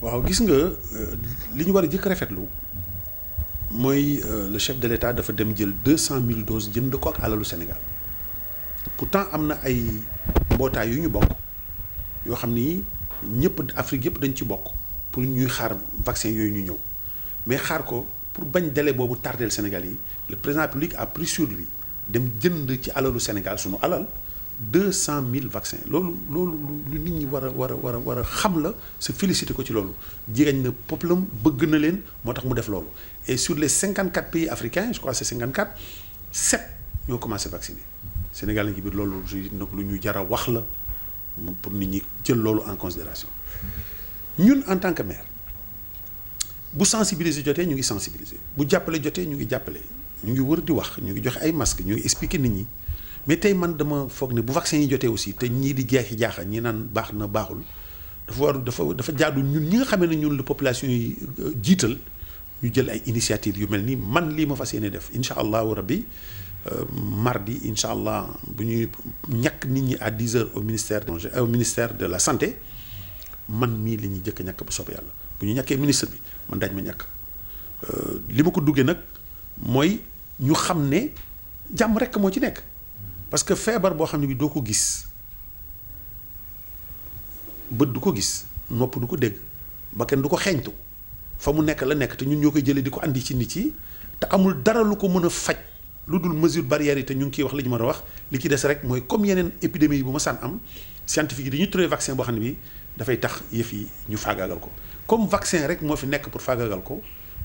waaw gis nga euh, li ñu war a jëkk rafetlu mooy euh, le chef de l'État dafa dem jël 200 mille doses jënd ko ak alalu Sénégal pourtant am na ay mbootaay yu ñu bokk yoo xam ni ñëpp Afrique yëpp dañ ci bokk pour ñuy xaar vaccin yooyu ñu ñëw mais xaar ko pour bañ délai boobu tardel Sénégal yi le président public a pris sur lui dem jënd ci alalu Sénégal sunu alal 200 000 vaccins ce qui nit ñi wara, wara, wara, hamla se mu et sur les 54 pays africains je crois c'est 54 7 ont commencé commencé vacciner Sénégal lañ lolo lu pour nit ñi jël en considération nous en tant que maire nous sensibiliser nous nous ngi sensibiliser bu jàppale jotee nous ngi nous Nous ngi wër nous wax ñu nous masques nous ngi expliquer mais tey man dama foog ne bu vaccin yi jotee aussi te ñii di jeexi jaaxa ñi naan baax na baaxul dafa war dafa dafa jaadu ñu ñi nga xamee ne ñun la population yi euh, jiital ñu jël ay initiative yu mel nii man lii ma fas yéene def incha allahu rabbi euh, mardi incha allah bu ñuy ñàkk nit ñi à 10 au ministère au ministère de la santé man mii li ñuy jëkk ñàkk bu soobee yàlla ñu ñàkkee ministre bi man daañ ma ñàkk euh, li ma ko duggee nag mooy ñu xam ne jàmm rekk moo ci nekk parce que feebar boo xam ne bi doo ko gis bët du ko gis nopp du ko dégg ba kenn du ko xeeñtu fa mu nekk la nekk te ñun ñoo koy jëlee di ko andi ci nit yi te amul dara lu ko mën a faj lu dul mesure barrière yi te ñu ngi ciy wax li ñu mën a wax li ci des rek mooy comme yeneen épidémie yi bu ma saan am scientifique yi dañuy trouvé vaccin boo xam ne bi dafay tax yëf yi ñu faagaagal ko comme vaccin rek moo fi nekk pour faagaagal ko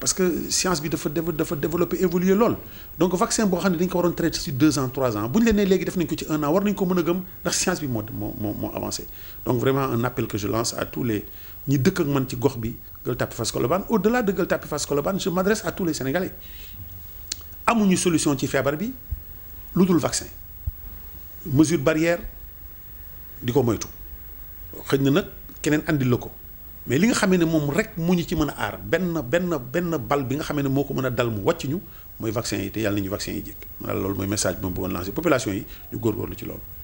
parce que science bi dafa dafa développer évoluer lool donc vaccin bo xamni ne dañ ko waroon traiter ci deux ans trois ans bu le né légui def nañ ko ci 1 an war nañ ko mën gëm ndax science bi mo mo mo moo avancé donc vraiment un appel que je lance à tous les ñi dëkk ak man ci gox bi Gueule Tapée Fass au delà de Gueule Tapée Fass je m'adresse à tous les Sénégalais amuñu solution ci fièvre bi lu vaccin mesure barrière diko moytu xëy na nag keneen andil lako mais li nga xamee ne moom rek mu ñu ci mën a aar benn benn benn bal bi nga xamee ne moo ko mën a dal mu wàcc ñu mooy vaccin yi te yàlla nañu vaccin yi jékk loolu mooy message bi ma bëggoon lancer population yi ñu góorgóorlu ci loolu